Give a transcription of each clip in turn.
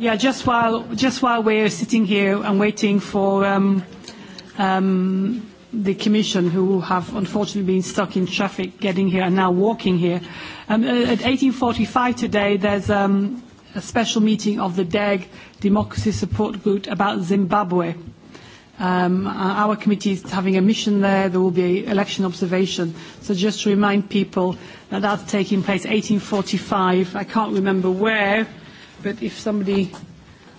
Yeah, just while just while we're sitting here and waiting for um, um, the Commission, who have unfortunately been stuck in traffic getting here and now walking here, um, at 18:45 today, there's um, a special meeting of the DEG Democracy Support Group about Zimbabwe. Um, Um, our committee is having a mission there. There will be election observation. So just to remind people that that's taking place 1845. I can't remember where, but if somebody,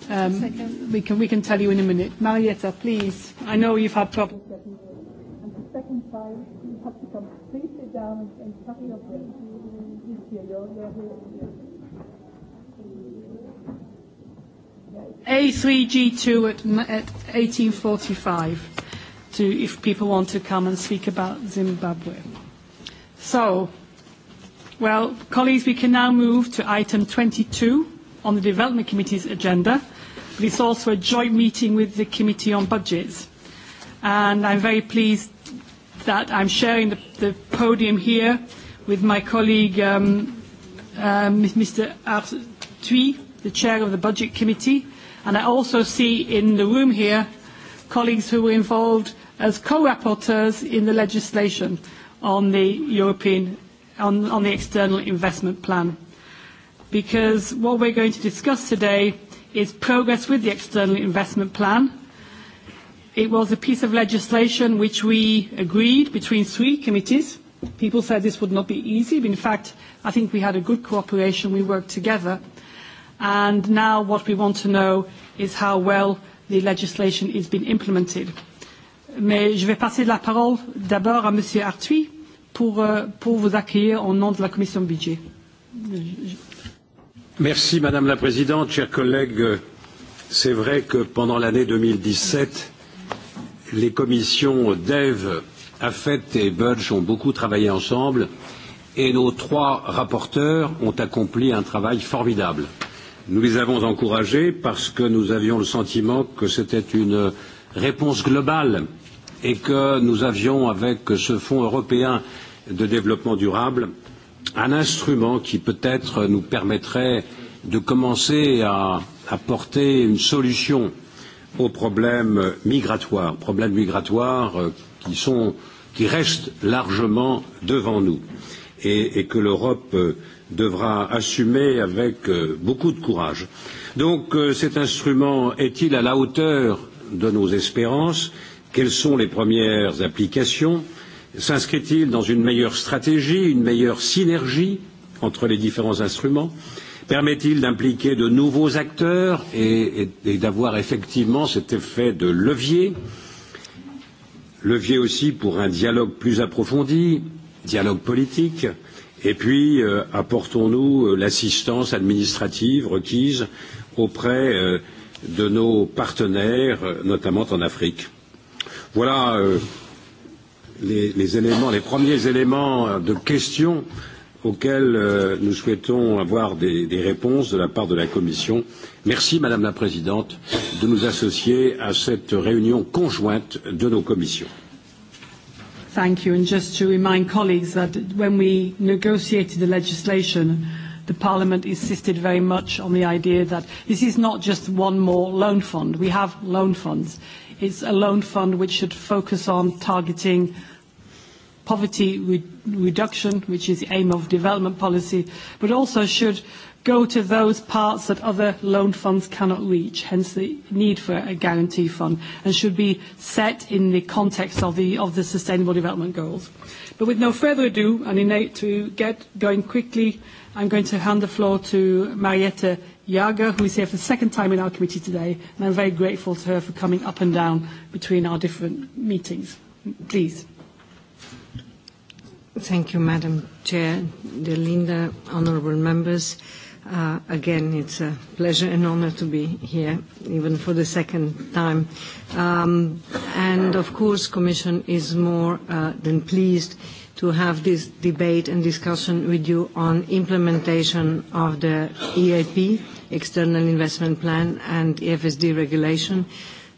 um, second. we can we can tell you in a minute. Marietta, please. I know you've had problems. And the second time, you have to come. Please sit down and carry your. You're here. You're here. A3G2 at, at 1845 to, if people want to come and speak about Zimbabwe. So, well, colleagues, we can now move to item 22 on the Development Committee's agenda, but it's also a joint meeting with the Committee on Budgets. And I'm very pleased that I'm sharing the, the podium here with my colleague, um, um, Mr. Artui, the chair of the Budget Committee, And I also see in the room here colleagues who were involved as co-rapporteurs in the legislation on the European, on, on the external investment plan. Because what we're going to discuss today is progress with the external investment plan. It was a piece of legislation which we agreed between three committees. People said this would not be easy, but in fact, I think we had a good cooperation. We worked together And now what we want to know is how well the legislation is being implemented. Mais je vais passer la parole d'abord à Monsieur Arthuis pour, euh, pour vous accueillir au nom de la Commission budget. Merci Madame la Présidente, chers collègues. C'est vrai que pendant l'année 2017, les commissions DEV, AFET et Budge ont beaucoup travaillé ensemble et nos trois rapporteurs ont accompli un travail formidable. Euh, Nous les avons encouragés parce que nous avions le sentiment que c'était une réponse globale et que nous avions, avec ce Fonds européen de développement durable, un instrument qui peut-être nous permettrait de commencer à apporter une solution aux problèmes migratoires, problèmes migratoires euh, qui, sont, qui restent largement devant nous et, et que l'Europe euh, devra assumer avec euh, beaucoup de courage. Donc euh, cet instrument est-il à la hauteur de nos espérances Quelles sont les premières applications S'inscrit-il dans une meilleure stratégie, une meilleure synergie entre les différents instruments Permet-il d'impliquer de nouveaux acteurs et, et, et d'avoir effectivement cet effet de levier Levier aussi pour un dialogue plus approfondi, dialogue politique, euh, Et puis, euh, apportons-nous euh, l'assistance administrative requise auprès euh, de nos partenaires, euh, notamment en Afrique. Voilà euh, les, les éléments, les premiers éléments euh, de questions auxquels euh, nous souhaitons avoir des, des réponses de la part de la Commission. Merci, Madame la Présidente, de nous associer à cette réunion conjointe de nos commissions. Thank you. And just to remind colleagues that when we negotiated the legislation, the Parliament insisted very much on the idea that this is not just one more loan fund. We have loan funds. It's a loan fund which should focus on targeting poverty re- reduction, which is the aim of development policy, but also should go to those parts that other loan funds cannot reach, hence the need for a guarantee fund, and should be set in the context of the, of the Sustainable Development Goals. But with no further ado, and innate to get going quickly, I'm going to hand the floor to Marietta Jager, who is here for the second time in our committee today, and I'm very grateful to her for coming up and down between our different meetings. Please. Thank you, Madam Chair, dear Linda, honourable members. Uh, Uh, again, it's a pleasure and honor to be here, even for the second time. Um, and of course, Commission is more uh, than pleased to have this debate and discussion with you on implementation of the EIP, External Investment Plan, and EFSD regulation. Uh,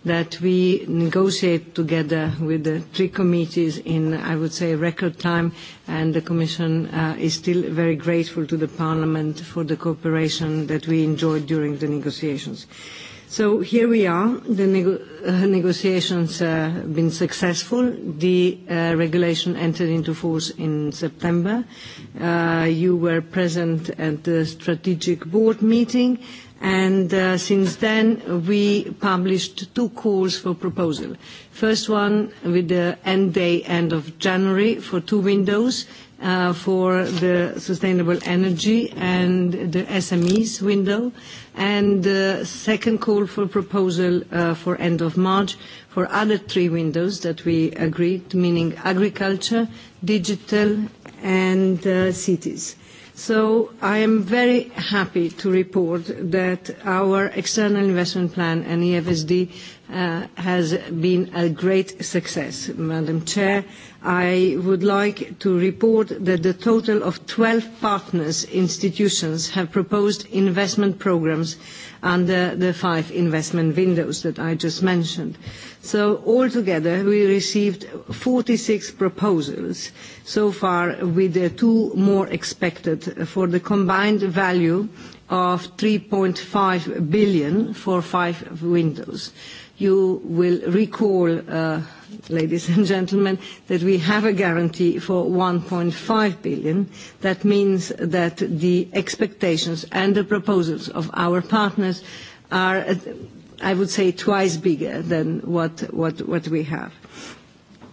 that we negotiate together with the three committees in, I would say, record time, and the Commission uh, is still very grateful to the Parliament for the cooperation that we enjoyed during the negotiations. So here we are. The nego uh, negotiations have uh, been successful. The uh, regulation entered into force in September. Uh, you were present at the strategic board meeting, And uh, since then, we published two calls for proposal. First one with the end day, end of January, for two windows, uh, for the sustainable energy and the SMEs window, and the uh, second call for proposal uh, for end of March for other three windows that we agreed, meaning agriculture, digital, and uh, cities. So I am very happy to report that our external investment plan and e EFSD uh, has been a great success. Madam Chair, I would like to report that the total of 12 partners institutions have proposed investment programs under the five investment windows that I just mentioned. So altogether, we received 46 proposals so far, with two more expected for the combined value of 3.5 billion for five windows. You will recall uh, ladies and gentlemen, that we have a guarantee for 1.5 billion. That means that the expectations and the proposals of our partners are, I would say, twice bigger than what, what, what we have.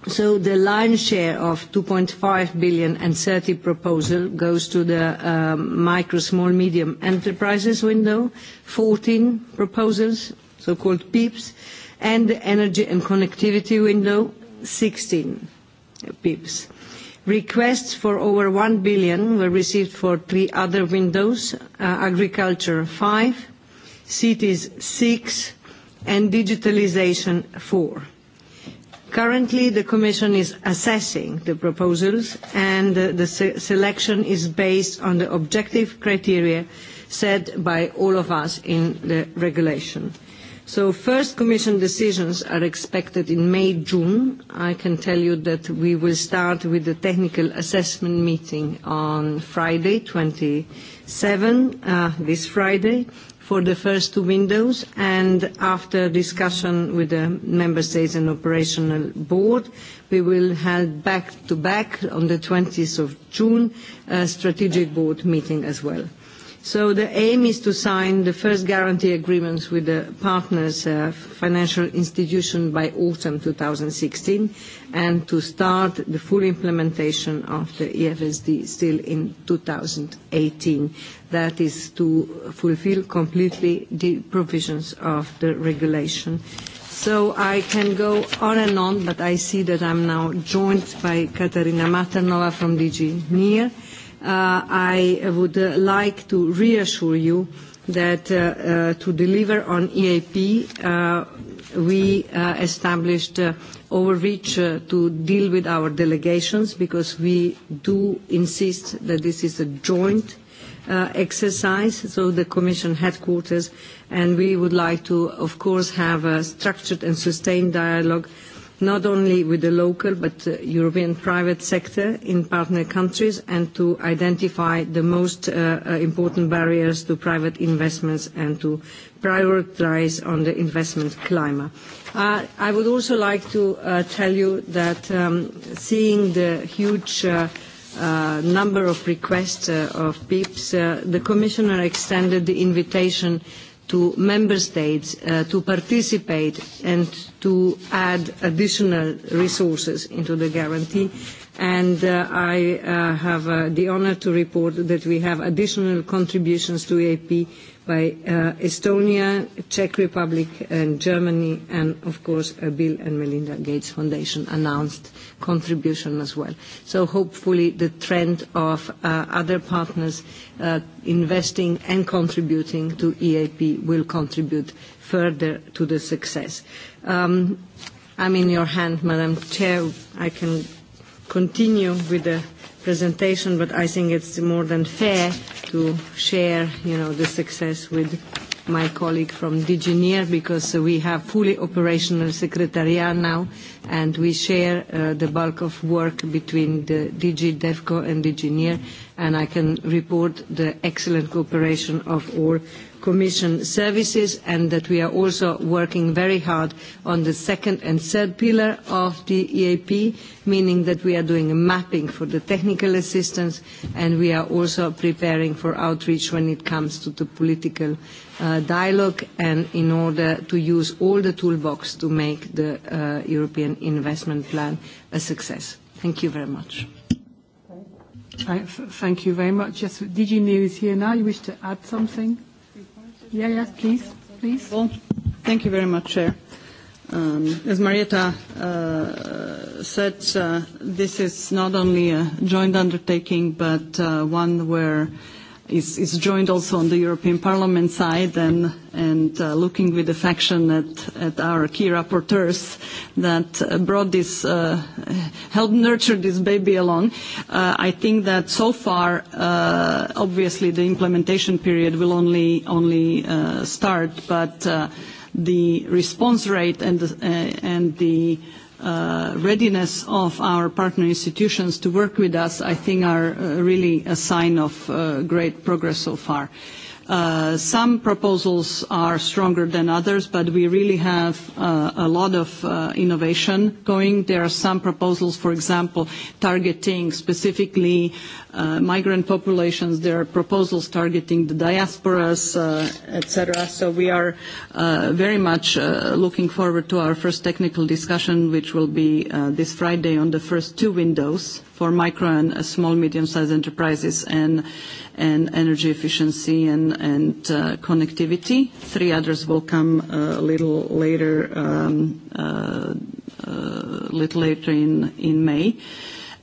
So the lion's share of 2.5 billion and 30 proposal goes to the um, micro, small, medium enterprises window, 14 proposals, so-called PEPs, and the energy and connectivity window, 16 pips. Requests for over 1 billion were received for three other windows, uh, agriculture, 5, cities, 6, and digitalization, 4. Currently, the Commission is assessing the proposals, and uh, the se selection is based on the objective criteria set by all of us in the regulation. So first Commission decisions are expected in May, June. I can tell you that we will start with the technical assessment meeting on Friday, 27, uh, this Friday, for the first two windows, and after discussion with the member states and operational board, we will have back-to-back -back on the 20th of June a uh, strategic board meeting as well. So the aim is to sign the first guarantee agreements with the partners, uh, financial institution by autumn 2016, and to start the full implementation of the EFSD still in 2018. That is to fulfill completely the provisions of the regulation. So I can go on and on, but I see that I'm now joined by Katarina Matanova from DG NIR, Uh, I would like to reassure you that uh, uh, to deliver on EAP, we established overreach to deal with our delegations because we do insist that this is a joint Uh, exercise, so the Commission headquarters, and we would like to, of course, have a structured and sustained dialogue not only with the local but uh, European private sector in partner countries and to identify the most uh, uh, important barriers to private investments and to prioritize on the investment climate. Uh, I would also like to uh, tell you that um, seeing the huge uh, uh, number of requests uh, of PIPs, uh, the Commissioner extended the invitation uh, to member states uh, to participate and to add additional resources into the guarantee. And uh, I uh, have uh, the honor to report that we have additional contributions to AP by uh, Estonia, Czech Republic, and Germany, and of course, a uh, Bill and Melinda Gates Foundation announced contribution as well. So hopefully, the trend of uh, other partners uh, investing and contributing to EAP will contribute further to the success. Um, I'm in your hand, Madam Chair. I can continue with the presentation, but I think it's more than fair to share, you know, the success with my colleague from Digineer, because we have fully operational secretariat now, and we share uh, the bulk of work between the DG DevCo and Digineer, and I can report the excellent cooperation of all Commission services and that we are also working very hard on the second and third pillar of the EAP, meaning that we are doing a mapping for the technical assistance and we are also preparing for outreach when it comes to the political uh, dialogue and in order to use all the toolbox to make the uh, European investment plan a success. Thank you very much. Thank you very much. Yes, DG News here now. You wish to add something? Yeah, yeah, please, please. Well, thank you very much, Chair. Um, as Marietta uh, said, uh, this is not only a joint undertaking, but uh, one where uh, is, is joined also on the European Parliament side and, and uh, looking with affection at, at our key rapporteurs that uh, brought this, uh, helped nurture this baby along. Uh, I think that so far, uh, obviously, the implementation period will only, only uh, start, but uh, the response rate and the, uh, and the uh, uh, readiness of our partner institutions to work with us, I think are uh, really a sign of uh, great progress so far. Uh, Uh, some proposals are stronger than others, but we really have uh, a lot of uh, innovation going. There are some proposals, for example, targeting specifically uh, migrant populations. There are proposals targeting the diasporas, uh, et cetera. So we are uh, very much looking forward to our first technical discussion, which will be this Friday on the first two windows for micro and small medium-sized enterprises and and energy efficiency and, and uh, connectivity. Three others will come uh, a uh, little later, um, uh, uh, little later in, in May.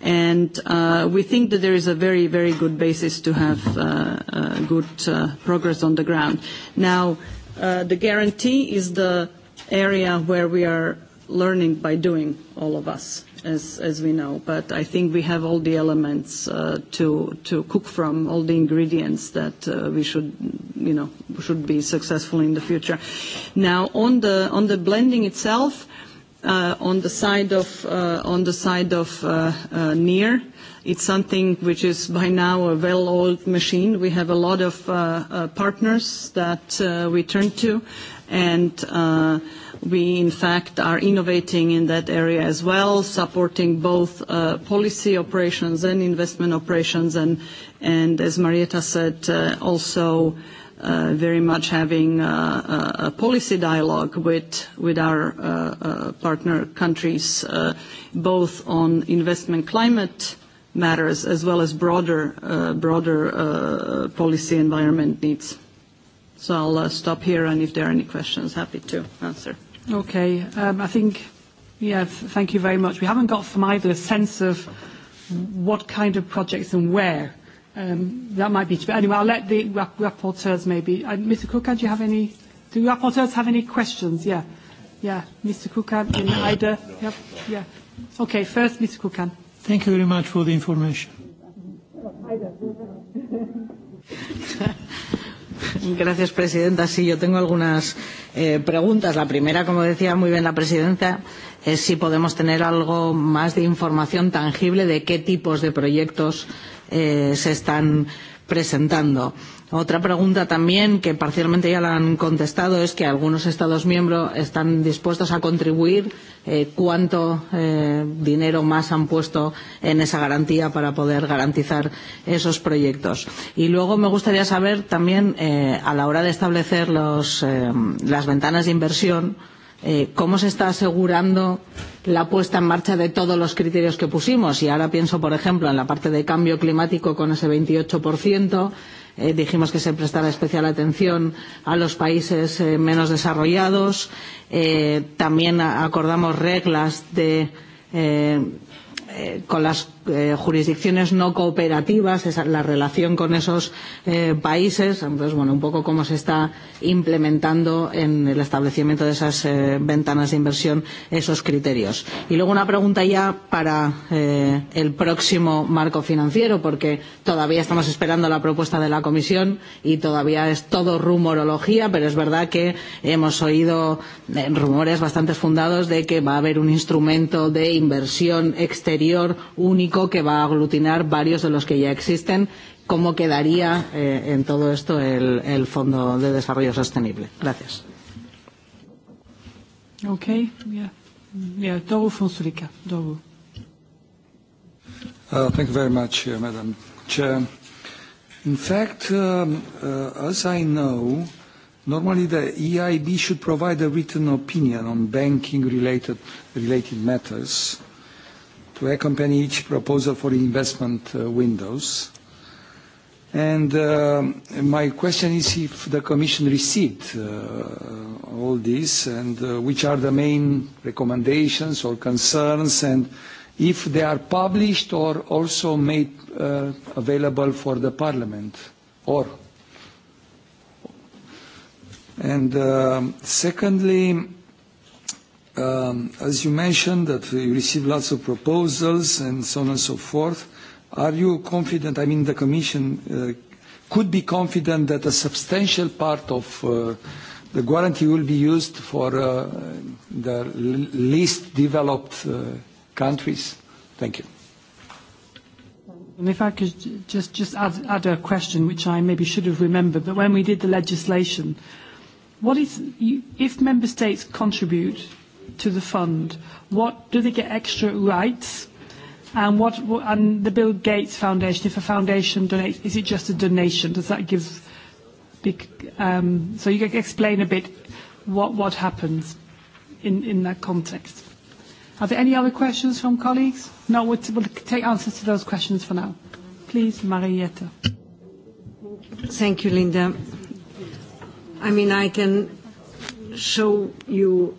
And uh, we think that there is a very, very good basis to have uh, uh, good uh, progress on the ground. Now, uh, the guarantee is the area where we are learning by doing, all of us, as, as we know. But I think we have all the elements uh, to, to cook from, all the ingredients that uh, we should, you know, should be successful in the future. Now, on the, on the blending itself, uh, on the side of, uh, on the side of uh, uh, near, it's something which is by now a well-oiled machine. We have a lot of uh, uh, partners that uh, we turn to, and uh, We, in fact, are innovating in that area as well, supporting both uh, policy operations and investment operations, and, and as Marietta said, uh, also uh, very much having uh, a, a policy dialogue with, with our uh, uh, partner countries, uh, both on investment climate matters as well as broader, uh, broader uh, policy environment needs. So I'll uh, stop here, and if there are any questions, happy to answer. Okay. Um, I think, yeah, th thank you very much. We haven't got from either a sense of what kind of projects and where. Um, that might be. Anyway, I'll let the rap rapporteurs maybe. Uh, Mr. Kukan, do you have any? Do rapporteurs have any questions? Yeah. Yeah. Mr. Kukan and Ida. Yep. Yeah. Okay. First, Mr. Kukan. Thank you very much for the information. Ida. Gracias, presidenta. Sí, yo tengo algunas eh, preguntas. La primera, como decía muy bien la presidenta, es si podemos tener algo más de información tangible de qué tipos de proyectos eh, se están presentando. Eh, Otra pregunta también, que parcialmente ya la han contestado, es que algunos Estados miembros están dispuestos a contribuir. Eh, ¿Cuánto eh, dinero más han puesto en esa garantía para poder garantizar esos proyectos? Y luego me gustaría saber también, eh, a la hora de establecer los, eh, las ventanas de inversión, eh, cómo se está asegurando la puesta en marcha de todos los criterios que pusimos. Y ahora pienso, por ejemplo, en la parte de cambio climático con ese 28% eh, dijimos que se prestara especial atención a los países eh, menos desarrollados. Eh, también acordamos reglas de eh, eh, con las eh, jurisdicciones no cooperativas, esa, la relación con esos eh, países, entonces, bueno, un poco cómo se está implementando en el establecimiento de esas eh, ventanas de inversión esos criterios. Y luego una pregunta ya para eh, el próximo marco financiero, porque todavía estamos esperando la propuesta de la Comisión y todavía es todo rumorología, pero es verdad que hemos oído eh, rumores bastante fundados de que va a haber un instrumento de inversión exterior proveedor único que va a aglutinar varios de los que ya existen. ¿Cómo quedaría eh, en todo esto el, el Fondo de Desarrollo Sostenible? Gracias. Okay, yeah. Yeah, Doru Fonsulica, Doru. Uh, thank you very much, uh, Madam Chair. In fact, um, uh, as I know, normally the EIB should provide a written opinion on banking-related related matters to accompany each proposal for investment uh, windows. And uh, my question is if the Commission received uh, all this and uh, which are the main recommendations or concerns and if they are published or also made uh, available for the Parliament or and uh, secondly um, as you mentioned that you received lots of proposals and so on and so forth, are you confident, I mean the Commission uh, could be confident that a substantial part of uh, the guarantee will be used for uh, the least developed uh, countries? Thank you. And if I could just, just add, add a question, which I maybe should have remembered, but when we did the legislation, what is, you, if member states contribute to the fund? What do they get extra rights? And what and the Bill Gates Foundation, if a foundation donates, is it just a donation? Does that give big? Um, so you can explain a bit what what happens in in that context. Are there any other questions from colleagues? No, we'll, we'll take answers to those questions for now. Please, Marietta. Thank you, Linda. I mean, I can show you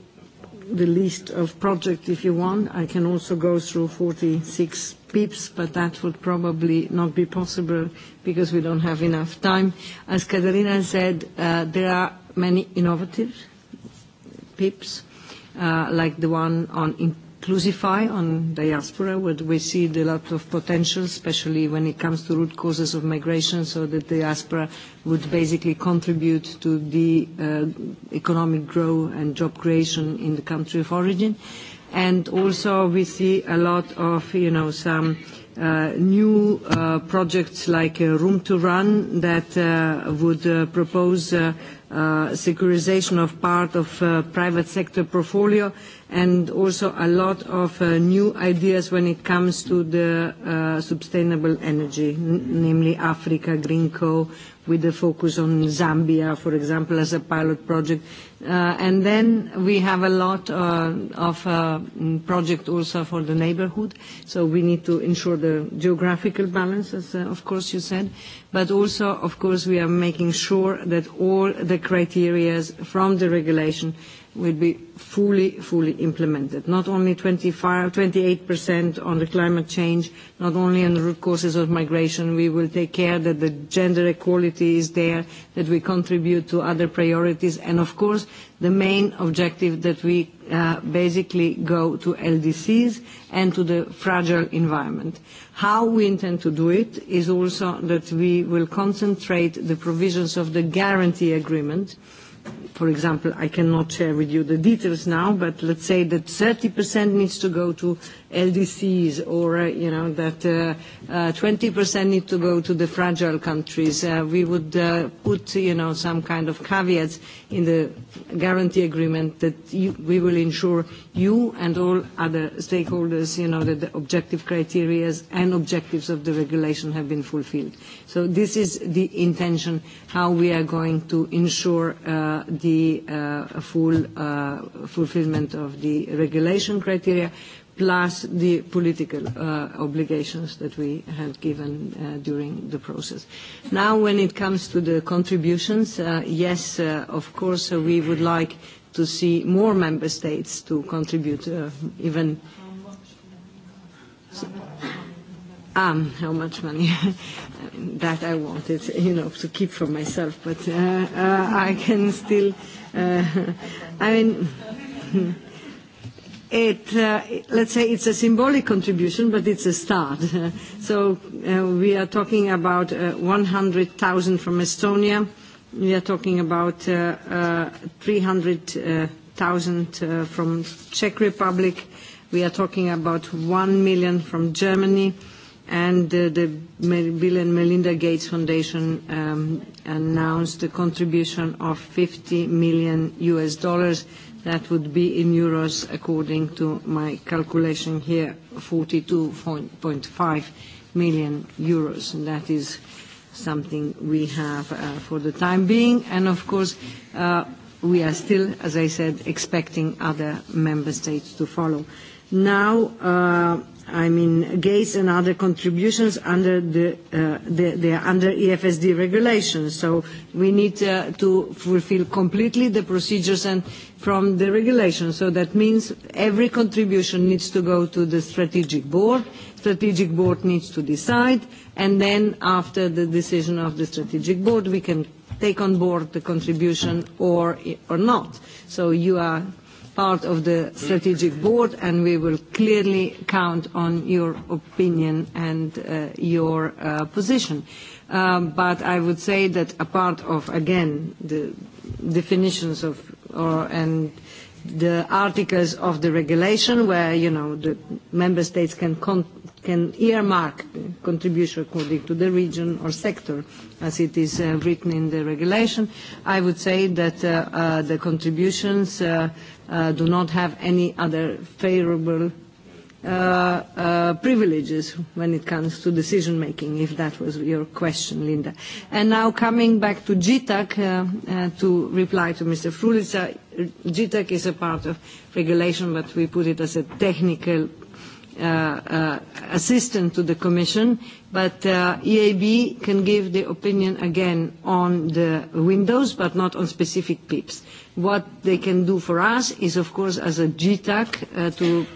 the list of projects if you want. I can also go through 46 PIPs, but that would probably not be possible because we don't have enough time. As Caterina said, uh, there are many innovative PIPs, uh, like the one on Clusify on diaspora, where we see a lot of potential, especially when it comes to root causes of migration, so that diaspora would basically contribute to the uh, economic growth and job creation in the country of origin. And also we see a lot of, you know, some uh, new uh, projects like uh, Room to Run that uh, would uh, propose uh, uh, securization of part of uh, private sector portfolio uh, and also a lot of uh, new ideas when it comes to the uh, sustainable energy, n- namely Africa, Green Co, with a focus on Zambia, for example, as a pilot project. Uh, and then we have a lot uh, of uh, project also for the neighborhood, so we need to ensure the geographical balance, as uh, of course you said, but also, of course, we are making sure that all the criteria from the regulation will be fully, fully implemented. Not only 25, 28% on the climate change, not only on the root causes of migration, we will take care that the gender equality is there, that we contribute to other priorities, and of course, was the main objective that we uh, basically go to LDCs and to the fragile environment. How we intend to do it is also that we will concentrate the provisions of the guarantee agreement. For example, I cannot share with you the details now, but let's say that 30% needs to go to LDCs or, uh, you know, that uh, uh, 20% need to go to the fragile countries. Uh, we would uh, put, you know, some kind of caveats in the guarantee agreement that you, we will ensure you and all other stakeholders, you know, that the objective criteria and objectives of the regulation have been fulfilled. So this is the intention, how we are going to ensure uh, the uh, full uh, fulfillment of the regulation criteria plus the political uh, obligations that we had given uh, during the process. Now, when it comes to the contributions, uh, yes, uh, of course, uh, we would like to see more member states to contribute, uh, even. Um, how much money? that I wanted, you know, to keep for myself, but uh, uh, I can still. Uh, I mean. it, uh, let's say it's a symbolic contribution, but it's a start. so uh, we are talking about uh, 100,000 from Estonia. We are talking about uh, uh, 300,000 uh, from Czech Republic. We are talking about 1 million from Germany and uh, the Bill and Melinda Gates Foundation um, announced the contribution of 50 million US dollars That would be in euros, according to my calculation here, 42.5 million euros, and that is something we have uh, for the time being. And of course, uh, we are still, as I said, expecting other member states to follow. Now, uh, I mean, gates and other contributions under the, uh, the, the under EFSD regulations. So we need uh, to fulfill completely the procedures and from the regulation. So that means every contribution needs to go to the strategic board. Strategic board needs to decide, and then after the decision of the strategic board, we can take on board the contribution or or not. So you are part of the strategic board, and we will clearly count on your opinion and uh, your uh, position. Um, but I would say that apart of, again, the definitions of or and the articles of the regulation where, you know, the member states can con can earmark contribution according to the region or sector, as it is uh, written in the regulation. I would say that uh, uh, the contributions uh, uh, do not have any other favorable uh, uh, privileges when it comes to decision making, if that was your question, Linda. And now coming back to GTAC, uh, uh, to reply to Mr. Frulica, GTAC is a part of regulation, but we put it as a technical uh, uh, assistant to the Commission, but uh, EAB can give the opinion again on the windows, but not on specific PIPs. What they can do for us is, of course, as a GTAC, uh, to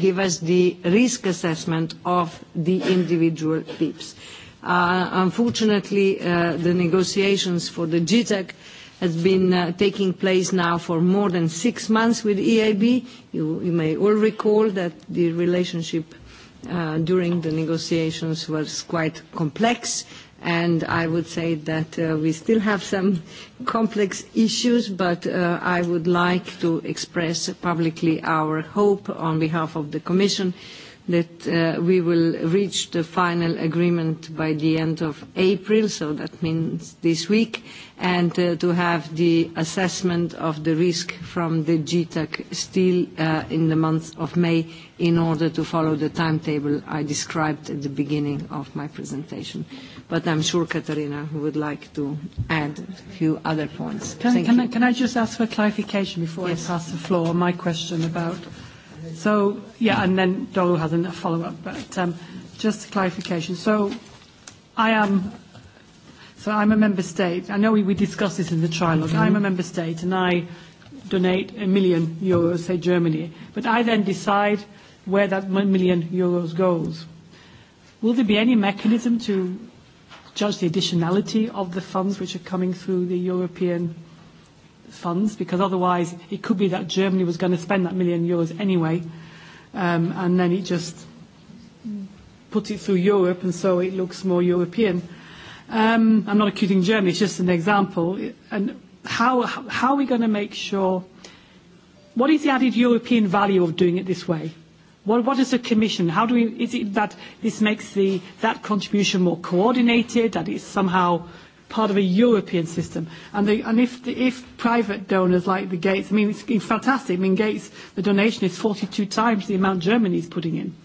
give us the risk assessment of the individual PIPs. Uh, unfortunately, uh, the negotiations for the GTAC uh, has been uh, taking place now for more than six months with EIB. You, you may all recall that the relationship uh, during the negotiations was quite complex, and I would say that uh, we still have some complex issues, but uh, I would like to express publicly our hope on behalf of the Commission uh, that uh, we will reach the final agreement by the end of April, so that means this week, and uh, to have the assessment of the risk from the GTAC still uh, in the month of May in order to follow the timetable I described at the beginning of my presentation. But I'm sure Katarina would like to add a few other points. Can, Thank can, you. I, can I just ask for clarification before yes. I pass the floor on my question about So, yeah, and then Dolo has a follow-up, but um, just a clarification. So I am, so I'm a member state. I know we, we discussed this in the trilogue. Mm-hmm. I'm a mm-hmm. member state, and I donate a million euros, say Germany, but I then decide where that million euros goes. Will there be any mechanism to judge the additionality of the funds which are coming through the European funds because otherwise it could be that Germany was going to spend that million euros anyway um, and then it just puts it through Europe and so it looks more European. Um, I'm not accusing Germany, it's just an example. And how, how are we going to make sure, what is the added European value of doing it this way? What, what is the commission? How do we, is it that this makes the, that contribution more coordinated, that it's somehow part of a European system. And, they, and if, the, if private donors like the Gates, I mean, it's, it's fantastic. I mean, Gates, the donation is 42 times the amount Germany is putting in.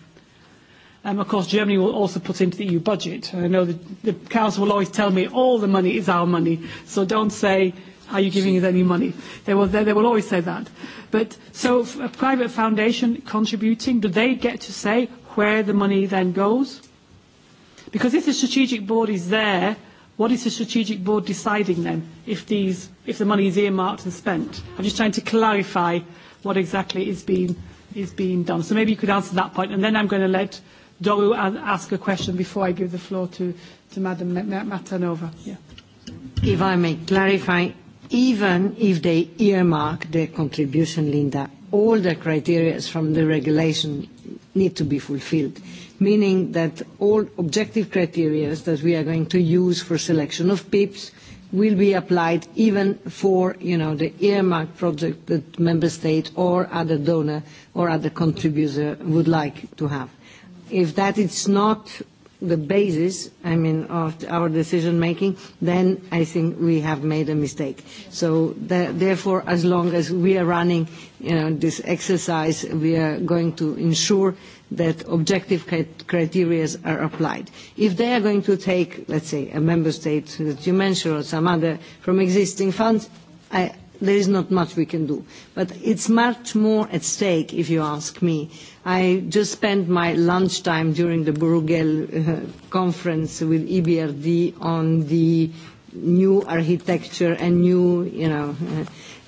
Um, of course, Germany will also put into the EU budget. I know the, the Council will always tell me all the money is our money, so don't say, are you giving us any money? They will, they, they will always say that. But so a private foundation contributing, do they get to say where the money then goes? Because if the strategic board is there What is the strategic board deciding then if, these, if the money is earmarked and spent? I'm just trying to clarify what exactly is being, is being done. So maybe you could answer that point, and then I'm going to let Doru ask a question before I give the floor to, to Madam Matanova. Yeah. If I may clarify, even if they earmark their contribution, Linda, all the criteria from the regulation need to be fulfilled. Mm-hmm meaning that all objective criteria that we are going to use for selection of PIPs will be applied even for, you know, the earmarked project that member state or other donor or other contributor would like to have. If that is not the basis, I mean, of our decision-making, then I think we have made a mistake. So the, therefore, as long as we are running, you know, this exercise, we are going to ensure that objective criteria are applied. If they are going to take, let's say, a member state that you mentioned or some other from existing funds, I, there is not much we can do. But it's much more at stake, if you ask me. I just spent my lunchtime during the Bruegel uh, conference with EBRD on the new architecture and new, you know,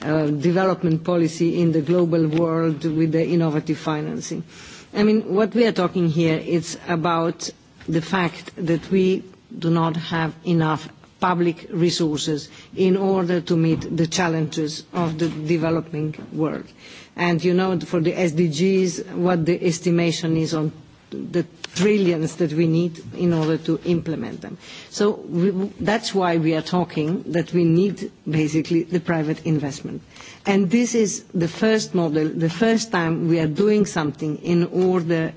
uh, uh, development policy in the global world with the innovative financing. Uh, I mean, what we are talking here is about the fact that we do not have enough public resources in order to meet the challenges of the developing world. And you know, for the SDGs, what the estimation is on the trillions that we need in order to implement them. So we, that's why we are talking that we need basically the private investment. And this is the first model, the first time we are doing something in order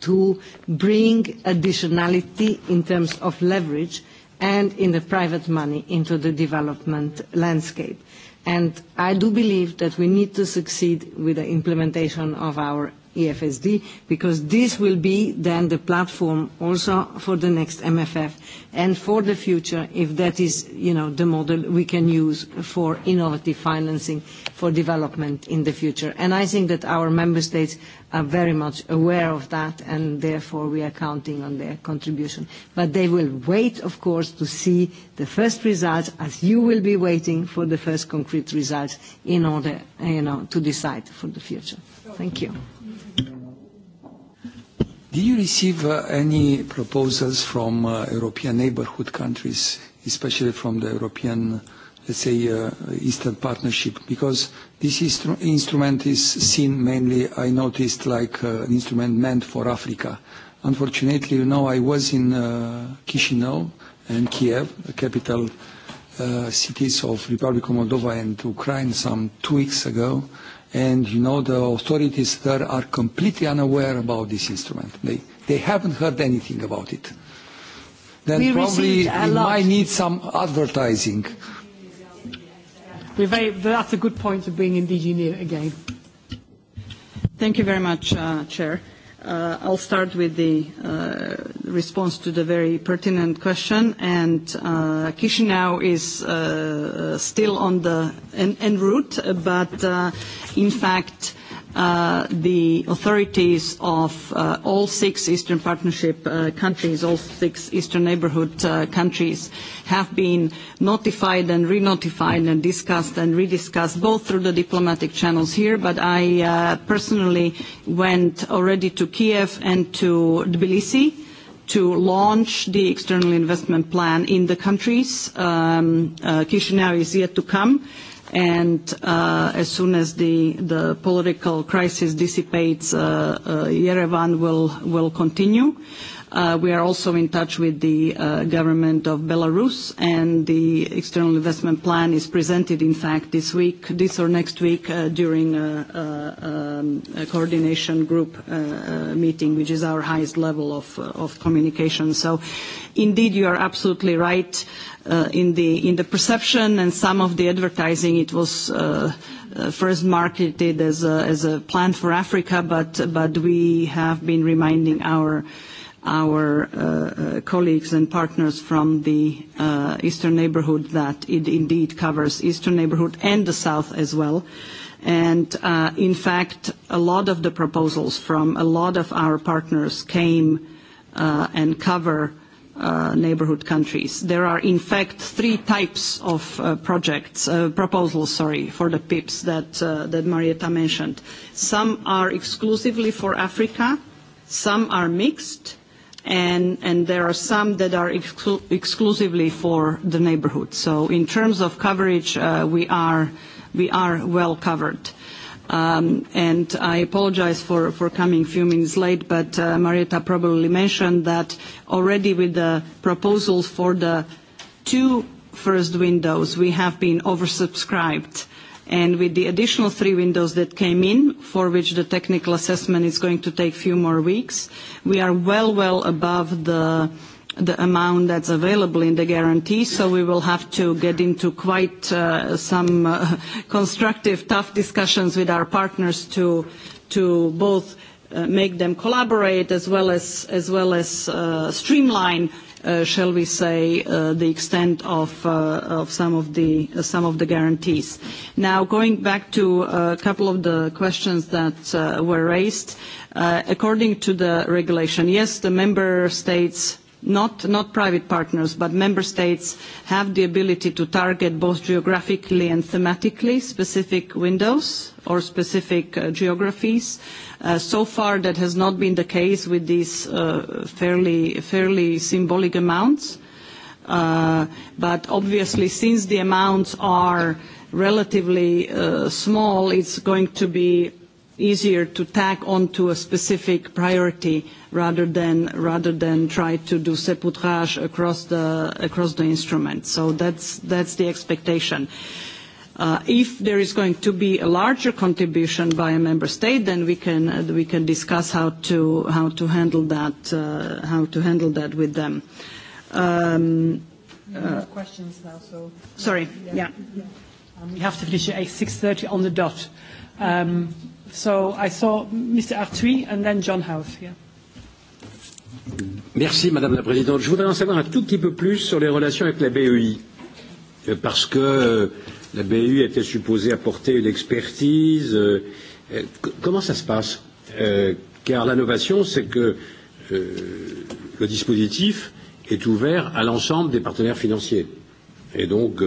to bring additionality in terms of leverage and in the private money into the development landscape. And I do believe that we need to succeed with the implementation of our EFSD, because this will be then the platform also for the next MFF and for the future, if that is, you know, the model we can use for innovative financing for development in the future. And I think that our member states are very much aware of that, and therefore we are counting on their contribution. But they will wait, of course, to see the first results, as you will be waiting for the first concrete results in order, you know, to decide for the future. Thank you. Did you receive uh, any proposals from uh, European neighborhood countries, especially from the European, let's say, uh, Eastern Partnership? Because this instru instrument is seen mainly, I noticed, like uh, an instrument meant for Africa. Unfortunately, you know, I was in uh, Chisinau and Kiev, the capital uh, cities of Republic of Moldova and Ukraine, some two weeks ago, and you know the authorities there are completely unaware about this instrument. They, they haven't heard anything about it. Then we probably it might need some advertising. We're very, that's a good point of bringing DG NIR again. Thank you very much, uh, Chair. Uh, Uh, I'll start with the uh, response to the very pertinent question. And uh, Chișinău is uh, still on the en, en route, but uh, in fact, uh, uh, the authorities of uh, all six Eastern Partnership uh, countries, all six Eastern Neighborhood uh, countries, have been notified and re-notified and discussed and rediscussed, both through the diplomatic channels here, but I uh, personally went already to Kiev and to Tbilisi to launch the external investment plan in the countries. Um, uh, Chisinau is yet to come. Uh, and uh, as soon as the, the political crisis dissipates, uh, uh, Yerevan will, will continue. Uh, we are also in touch with the uh, government of Belarus, and the external investment plan is presented, in fact, this week, this or next week, uh, during a, a, um, a coordination group uh, uh, meeting, which is our highest level of, of communication. So, indeed, you are absolutely right. Uh, uh, in, the, in the perception and some of the advertising, it was uh, uh, first marketed as a, as a plan for Africa, but, but we have been reminding our, our uh, uh, colleagues and partners from the uh, Eastern neighborhood that it indeed covers Eastern neighborhood and the South as well. And uh, in fact, a lot of the proposals from a lot of our partners came uh, and cover uh, uh, neighborhood countries. There are, in fact, three types of uh, projects, uh, proposals, sorry, for the PIPs that, uh, that Marietta mentioned. Some are exclusively for Africa, some are mixed, and, and there are some that are exclu- exclusively for the neighborhood. So in terms of coverage, uh, we, are, we are well covered. Uh, Um, and I apologize for, for coming a few minutes late, but uh, Marietta probably mentioned that already with the proposals for the two first windows, we have been oversubscribed. And with the additional three windows that came in, for which the technical assessment is going to take a few more weeks, we are well, well above the the amount that's available in the guarantee, so we will have to get into quite uh, some uh, constructive, tough discussions with our partners to, to both uh, make them collaborate as well as, as, well as uh, streamline, uh, shall we say, uh, the extent of, of, some, of the, some of the guarantees. Now, going back to a couple of the questions that were raised. According to the regulation, yes, the member states Not, not private partners, but member states have the ability to target both geographically and thematically specific windows or specific uh, geographies. Uh, so far, that has not been the case with these uh, fairly, fairly symbolic amounts. Uh, but obviously, since the amounts are relatively uh, small, it's going to be easier to tack onto a specific priority rather than, rather than try to do sepoutrage across the, across the instrument. So that's, that's the expectation. Uh, if there is going to be a larger contribution by a member state, then we can, uh, we can discuss how to, how to handle that, uh, how to handle that with them. Um, no more questions now, so- Sorry. Yeah. Yeah. Yeah. Um, we have to finish at 6:30 on the dot. Um, so I saw Mr. Artui and then John House. Yeah. Merci Madame la Présidente. Je voudrais en savoir un tout petit peu plus sur les relations avec la BEI, euh, parce que euh, la BEI était supposée apporter une expertise. Euh, comment ça se passe Car l'innovation, c'est que le dispositif est ouvert à l'ensemble des partenaires financiers. Et donc,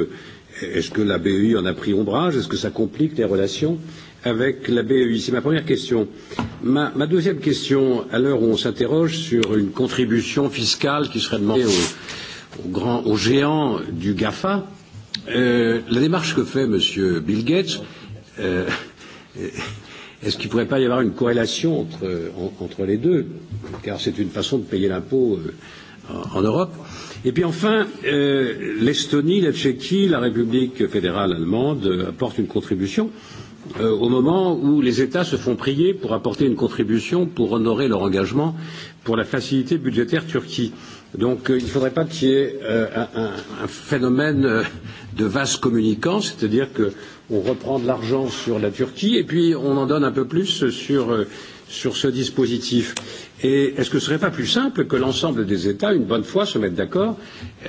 est-ce que la BEI en a pris ombrage Est-ce que ça complique les relations euh, avec la BEI. C'est ma première question. Ma, ma deuxième question, à l'heure où on s'interroge sur une contribution fiscale qui serait demandée aux, aux, grands, aux géants du GAFA, euh, la démarche que fait M. Bill Gates, euh, est-ce qu'il ne pourrait pas y avoir une corrélation entre, en, entre les deux Car c'est une façon de payer l'impôt euh, en, en Europe. Et puis enfin, euh, l'Estonie, la Tchéquie, la République fédérale allemande euh, apportent une contribution. Euh, euh, au moment où les États se font prier pour apporter une contribution pour honorer leur engagement pour la facilité budgétaire Turquie. Donc euh, il ne faudrait pas qu'il y ait euh, un, un phénomène euh, de vase communicant, c'est-à-dire qu'on reprend de l'argent sur la Turquie et puis on en donne un peu plus sur, euh, sur ce dispositif. Et est-ce que ce ne serait pas plus simple que l'ensemble des États, une bonne fois, se mettent d'accord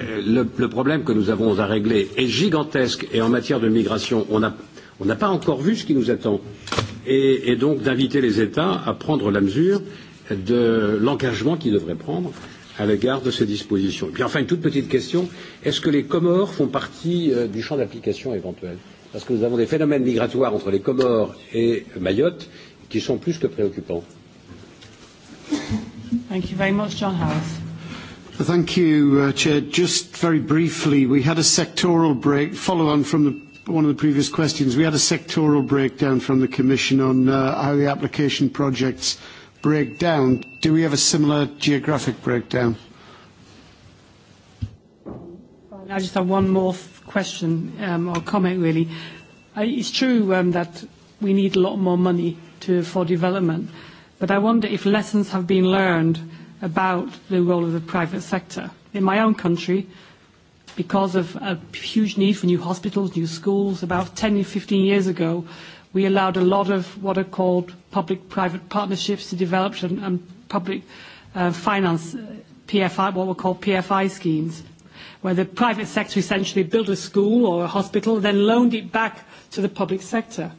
euh, le, le problème que nous avons à régler est gigantesque et en matière de migration, on a On n'a pas encore vu ce qui nous attend. Et, et donc d'inviter les États à prendre la mesure de l'engagement qu'ils devraient prendre à l'égard de ces dispositions. Et puis enfin, une toute petite question. Est-ce que les Comores font partie euh, du champ d'application éventuel Parce que nous avons des phénomènes migratoires entre les Comores et Mayotte qui sont plus que préoccupants. Thank you very much, John Harris. Thank you, uh, Chair. Just very briefly, we had a sectoral break, follow on from the one of the previous questions, we had a sectoral breakdown from the Commission on uh, how the application projects break down. Do we have a similar geographic breakdown? I just have one more question um, or comment, really. I, it's true um, that we need a lot more money to, for development, but I wonder if lessons have been learned about the role of the private sector. In my own country, because of a huge need for new hospitals, new schools. About 10, 15 years ago, we allowed a lot of what are called public-private partnerships to develop and, and public uh, finance, uh, PFI, what were called PFI schemes, where the private sector essentially built a school or a hospital, then loaned it back to the public sector.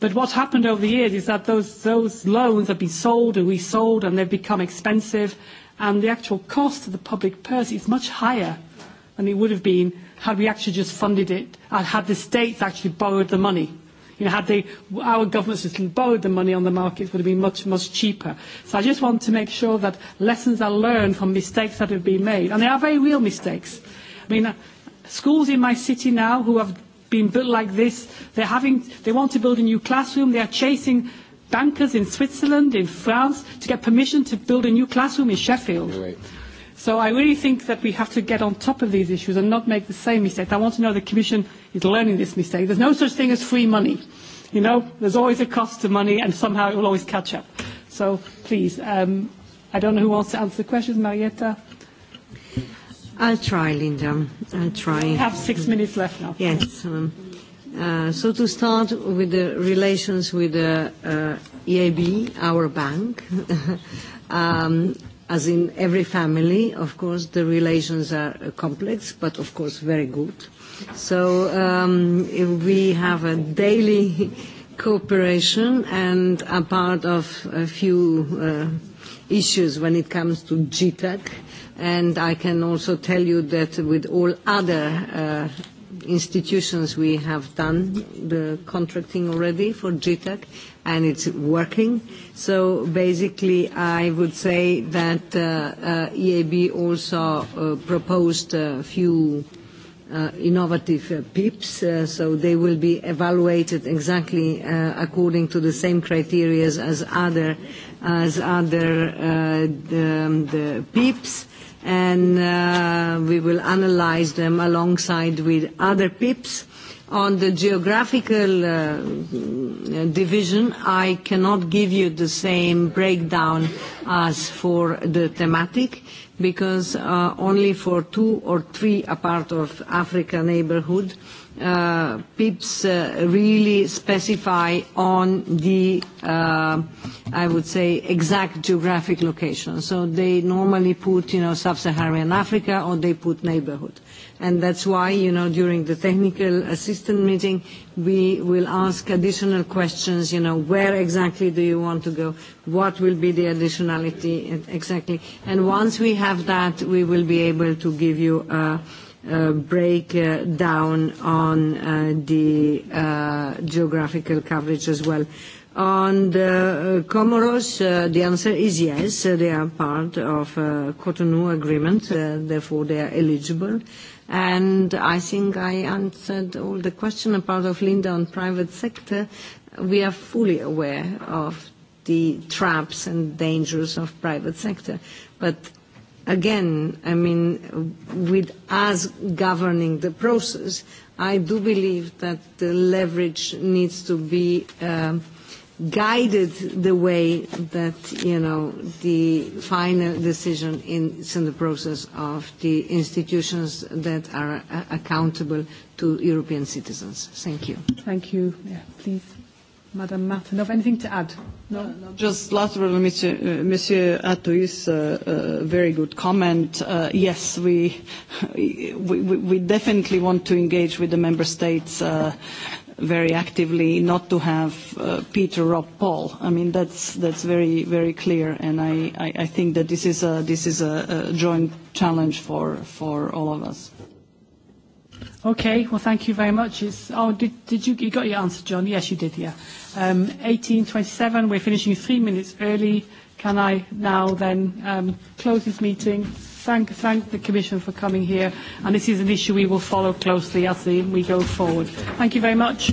But what happened over the years is that those, those loans have been sold and resold, and they've become expensive, and the actual cost to the public purse is much higher than it would have been had we actually just funded it and had the states actually borrowed the money. You know, had they, our government system borrowed the money on the markets would have been much, much cheaper. So I just want to make sure that lessons are learned from mistakes that have been made. And they are very real mistakes. I mean, uh, schools in my city now who have been built like this, they're having, they want to build a new classroom, they are chasing bankers in Switzerland, in France, to get permission to build a new classroom in Sheffield. Anyway. So I really think that we have to get on top of these issues and not make the same mistake. I want to know the Commission is learning this mistake. There's no such thing as free money. You know, there's always a cost to money and somehow it will always catch up. So please, um, I don't know who wants to answer the questions. Marietta? I'll try, Linda. I'll try. We have six minutes left now. Yes. Um, uh, so to start with the relations with the uh, EIB, our bank, um, as in every family, of course, the relations are uh, complex, but of course very good. So um, we have a daily cooperation and are part of a few uh, issues when it comes to GTAC. And I can also tell you that with all other uh, institutions we have done the contracting already for GTAC and it's working. So basically, I would say that uh, uh, EIB also uh, proposed a few uh, innovative uh, PIPs, uh, so they will be evaluated exactly uh, according to the same criteria as other, as other uh, the, um, the PIPs and uh, we will analyze them alongside with other PIPs On the geographical uh, division, I cannot give you the same breakdown as for the thematic, because uh, only for two or three apart of Africa neighborhood, uh, uh, PIPs uh, really specify on the, uh, I would say, exact geographic location. So they normally put, you know, sub-Saharan Africa or they put neighborhood. And that's why, you know, during the technical assistant meeting, we will ask additional questions, you know, where exactly do you want to go? What will be the additionality e-, exactly? And once we have that, we will be able to give you a uh, uh, breakdown uh, on uh, the uh, geographical coverage as well. On the Comoros, the answer is yes. They are part of Cotonou agreement, therefore they are eligible. And I think I answered all the question apart of Linda on private sector. We are fully aware of the traps and dangers of private sector. But again, I mean, with us governing the process, I do believe that the leverage needs to be uh, guided the way that, you know, the final decision in, is in the process of the institutions that are uh, accountable to European citizens. Thank you. Thank you. Yeah, please. Madame Martinov, anything to add? No, uh, no. Just last word, Monsieur, uh, Monsieur Atou's uh, uh, very good comment. Uh, yes, we, we, we definitely want to engage with the member states uh, very actively, not to have uh, Peter, Rob, Paul. I mean, that's, that's very, very clear, and I, I, I think that this is a, this is a, a joint challenge for, for all of us. Okay. Well, thank you very much. It's... Oh, did, did you... You got your answer, John? Yes, you did. Yeah. Um, 18.27, we're finishing three minutes early. Can I now then um, close this meeting? Thank, thank the Commission for coming here. And this is an issue we will follow closely as we go forward. Thank you very much.